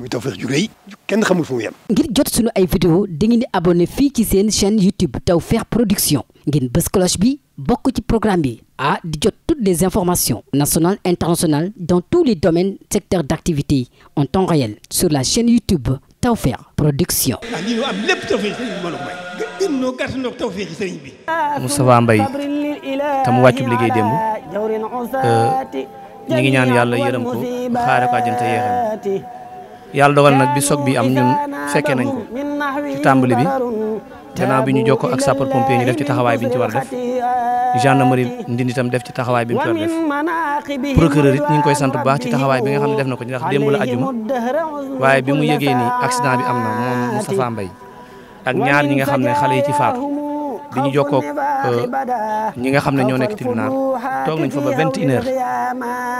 muy Tawfekh ju rëy kenn xamul fu mu yem. ngir jot sunu ay vidéo dangeen di abonné fii ci seen chaîne YouTube Tawfekh Production ngeen bës cloche bi bokk ci programme bi ah di jot toutes les informations national internationales dans tous les domaines secteurs d'activité en temps réel sur la chaîne YouTube Tawfekh Production. ah lii ñu am lépp Tawfekh sëriñ bi mbooloo mooy. gën gën ñoo gàtt ñoo euh, ñaan yàlla yërëm ko xaaral ko àjjante yeexam. yàlla dogal nag bi soog bi am ñun fekkee nañ ko ci tàmbali bi gannaaw bi ñu jokko ak sapeur pompier ñu def ci taxawaay bi ñu ci war a def gendarmerie Ndindi tam def ci taxawaay bi mu ci war def procureur it ñu ngi koy sant bu baax ci taxawaay bi nga xam ne def na ko ndax démb la ajuma waaye bi mu yëgee ni accident bi am na moom Moustapha Mbaye ak ñaar ñi nga xam ne xale yi ci faatu di ñu jokkoog euh, ñi nga xam ne ñoo nekk tribunal toog nañ fa ba vingt une heure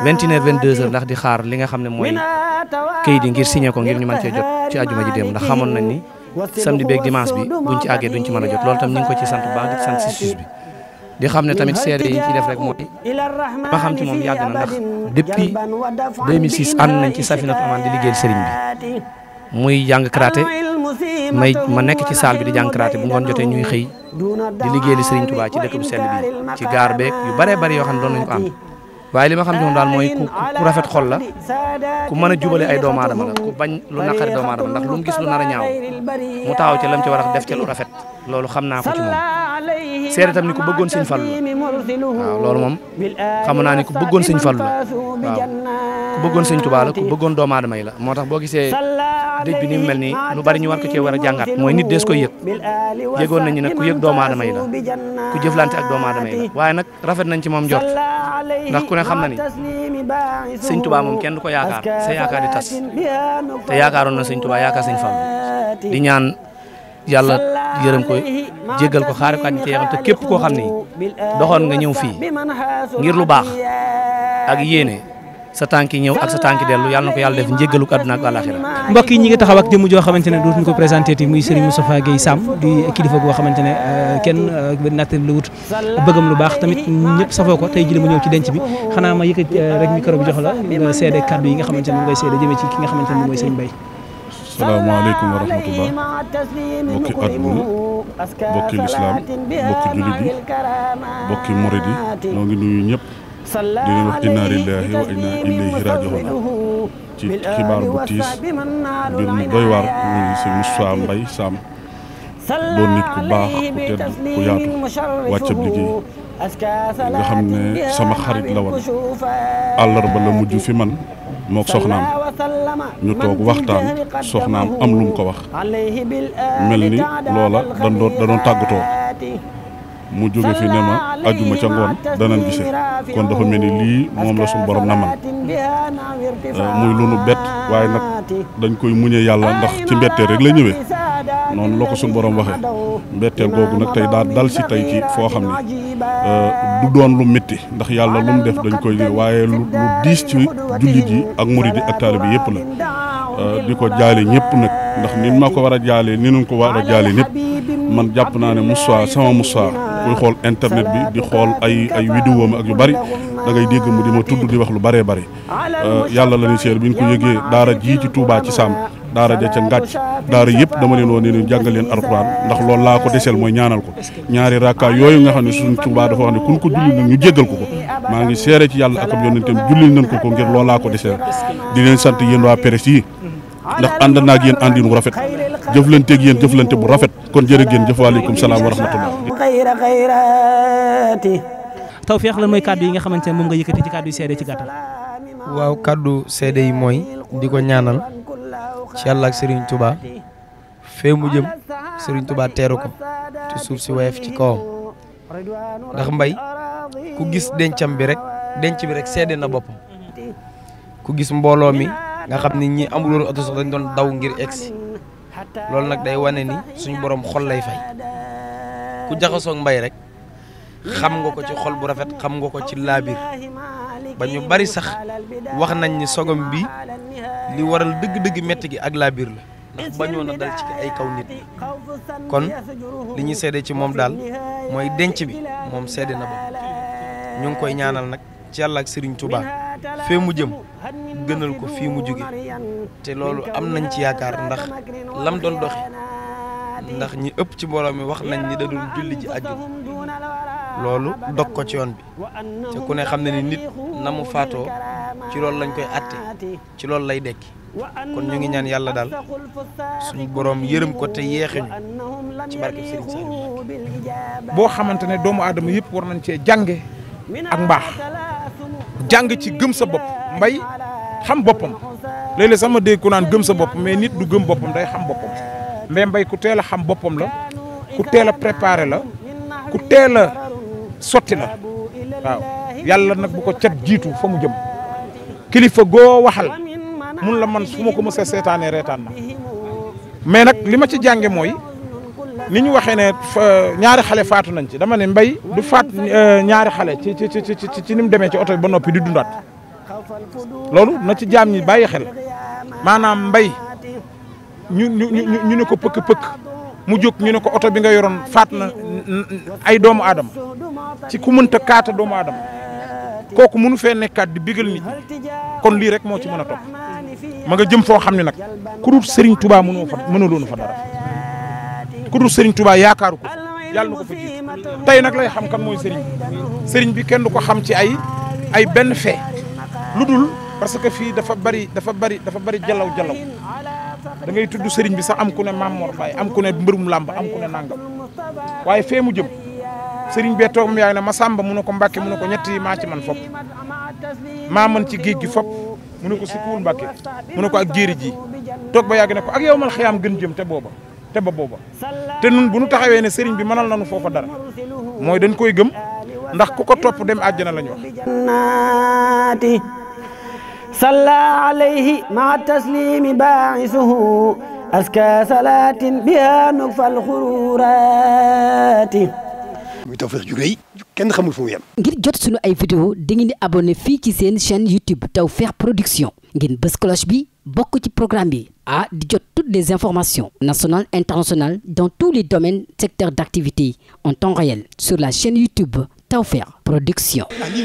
vingt une heure ndax di xaar li nga xam ne mooy kayit yi ngir signé ko ngir ñu mën cee jot ci àjjuma ji dem ndax xamoon nañ ni samedi beeg dimanche bi buñ ci àggee duñ ci mën a jot loolu tam ñu ngi ko ci sant bu baax di sant si suus bi. di xam ne tamit seede yi ñu ciy def rek mooy ma xam ci moom yàgg na ndax depuis 2006 ànd nañ ci Safinatou Amaan di liggéey sëriñ bi. muy jàng karaté may ma nekk ci saal bi di jàng karaté bu ngoon jotee ñuy xëy di liggéeyal Serigne Touba ci dëkk bu sell bi ci gaar beeg yu baree bari yoo xam ne doon nañu ko am waaye li ma xam ñoom daal mooy ku rafet xol la ku mën a jubale ay doomu aadama la ku bañ lu naqari doomu aadama ndax lu mu gis lu nar a ñaaw mu taxaw ci lam ci war a def ca lu rafet loolu xam naa ko ci moom seere tam ni ku bëggoon sëñ Fallu loolu moom xam naa ni ku bëggoon sëñ Fallu la waaw ku bëggoon sëñ Tuubaa la ku bëggoon doomu aadama la moo tax boo gisee dëj bi ni mel ni lu bari ñu war ko cee war a jàngaat mooy nit dees ko yëg yëgoon nañu nag ku yëg doomu aadama yi la ku jëflante ak doomu aadama la waaye nag rafet nañ ci moom jot ndax ku ne xam na ni sëñ Tuubaa moom kenn du ko yaakaar sa yaakaar di tas te yaakaaroon na sëñ Tuubaa yaakaar sëñ Fallu di ñaan yërëm ko jéggal ko xaare ko àjjana te yaxam te képp koo xam ni doxoon nga ñëw fii ngir lu baax a yéene sa tànki ñëw ak sa tànki dellu yàlla na ko yàlla def njéggalu ko àdduna taxaw ak joo xamante ne dootuñu ko présenté ti muy Serigne Moustapha Guèye Sam di kilifa goo xamante ne euh, kenn euh, natt la wut bëggam lu baax tamit ñëpp safoo ko tey jii la ma ñëw ci denc bi xanaa ma yëkkat euh, rek micro bi jox la nga seede kaddu yi nga xamante ne mooy seede jëmee ci ki nga xamante ne mooy Serigne Mbaye salaamaaleykum wa rahmatullah bokki adduna bokki lislaam bokki jullit yi bokki murid yi ngi nuyu ñëpp di leen wax inna lillahi wa inna ilayhi ci xibaar bu tiis mbir mu doy waar muy si Moussa Mbaye Sam nit ku baax ku tedd ku yaatu wàccab liggéey nga xam ne sama xarit la woon àllarba la mujj fi man mook soxnaam ñu toog waxtaan soxnaam am lu mu ko wax mel ni loola dañ da doon tàggatoo mu jóge fi ne ma ajuma ca ngoon danañ gise kon dafa mel ni lii moom la suñu borom na man eh, muy lu nu bett waaye nag dañ koy muñe yàlla ndax ci mbetteel rek lay ñëwee noonu la ko suñu boroom waxee mbetteel googu nag tey daal dal si tey ci foo xam ne du doon lu métti ndax yàlla lu def dañ koy waaye lu lu diis ci jullit yi ak murid yi ak taalibe yëpp la euh, di ko jaale ñëpp nag ndax nit ma ko war a jaale ni ñu ko war a jaale ñëpp man jàpp naa ne Moussa sama Moussa kuy xool internet bi di xool ay ay vidéo ak yu bari da ngay dégg mu di ma tudd di wax lu baree bari Euh, euh, yàlla la ñuy seer bi ñu ko yëgee daara jii ci Touba ci Sàmm daara ja ca ngàcc daara yëpp dama leen woon ne leen alxuraan ndax loolu laa ko deseel mooy ñaanal ko ñaari rakka yooyu nga xam ne suñ Touba dafa wax ne kun ko julli ñu jéggal ko ko maa ngi seere ci yàlla ak ab yonentam julli nañ ko ko ngir loolu ko deseel di leen sant yéen waa presse yi ndax ànd naa ak yéen àndin wu rafet jëflanteeg yéen jëflante bu rafet kon jërë ngeen jëf waaleykum salaam wa rahmatullah tawfeex lan mooy kàddu yi nga xamante ne waaw kàddu seede yi mooy di ko ñaanal ci yàlla ak Serigne Touba fee mu jëm Serigne Touba teeru ko ci suuf si woyof ci kawam ndax mbay ku gis dencam bi rek denc bi rek seede na boppam ku gis mbooloo mi nga xam ne ñi amuloon oto sax doon daw ngir egsi loolu nag day wane ni suñu boroom xol lay fay ku jaxasoog mbay rek xam nga ko ci xol bu rafet xam nga ko ci laabir ba ñu bari sax wax nañ ni sogom bi li waral dëgg-dëgg metti gi ak laa biir la ndax bañoon dal ci ay kaw nit kon li ñuy seede ci moom daal mooy denc bi moom sedd na ba ñu ngi koy ñaanal nag ci yàlla ak Serigne Touba fee mu jëm gënal ko fii mu jóge te loolu am nañ ci yaakaar ndax lam doon doxi ndax ñi ëpp ci mbooloo mi wax nañ ni da doon julli ji àjjuma loolu dog ko ci yoon bi te ku ne xam ne ni nit na mu faatoo ci loolu lañ koy atte ci loolu lay dekki kon ñu ngi ñaan yàlla daal suñu boroom yërëm ko te yeexeñu ci barke Serigne Saliou boo xamante ne doomu aadama yëpp war nañ cee jànge ak mbaax jàng ci gëm sa bopp mbay xam boppam léeg-léeg sax dégg ku naan gëm sa bopp mais nit du gëm boppam day xam boppam mais mbay ku teel a xam boppam la ku teel a préparé la ku teel sotti na waaw yàlla nag bu ko cat jiitu fa mu jëm kilifa goo waxal mun la man su ma ko mës seetaanee reetaan na mais nag li ma ci jànge mooy ni ñu waxee ne ñaari xale faatu nañ ci dama ne mbay du faat euh, ñaari xale ci ci ci demee ci oto bi ba noppi di dundaat loolu na ci jaam ñi bàyyi xel maanaam mbay ñu ñu ñu ñu ne ko pëkk pëkk mu jóg ñu ne ko oto bi nga yoroon faat na ay doomu aadama ci ku mënta kaata doomu aadama kooku mënu fee nekkaat di bigal nit kon lii rek moo ci mën a topp ma nga jëm foo xam ne nag ku dul Serigne Touba mënoo fa mënaloonu fa dara ku dul sëriñ tubaa yaakaaru ko yàlla na ko fa jiitu tey nag lay xam kan mooy Serigne sëriñ bi kenn du ko xam ci ay ay benn fee lu dul parce que fii dafa bari dafa bari dafa bari jalaw jalaw da ngay tudd sëriñ bi sax am ku ne Maam Mor Faye am ku ne mbërum làmb am ku ne nangam waaye fee mu jëm sëriñ bee toog mu yaay ne ma sàmba mu ne ko Mbàkke mu ne ko ñetti yi maa ci man fop maa man ci géej gi fop mu ne ko si kuul mu ne ko ak jéeri ji toog ba yàgg ne ko ak yow man xayaam gën jëm te booba te ba booba te nun bu nu taxawee ne sëriñ bi mënal nañu foofa dara mooy dañ koy gëm ndax ku ko topp dem àjjana la ñu صلى عليه مع التسليم باعثه أزكى صلاة بها نكفى الخرورات muy kenn xamul fu mu yem ngir jot sunu ay vidéo dangeen di abonné fii ci seen chaîne YouTube Tawfekh Production ngeen bës cloche bi bokk ci programme bi ah di jot toutes des informations national internationales dans tous les domaines secteurs d'activité en temps réel sur la chaîne YouTube Tawfekh Production. ah lii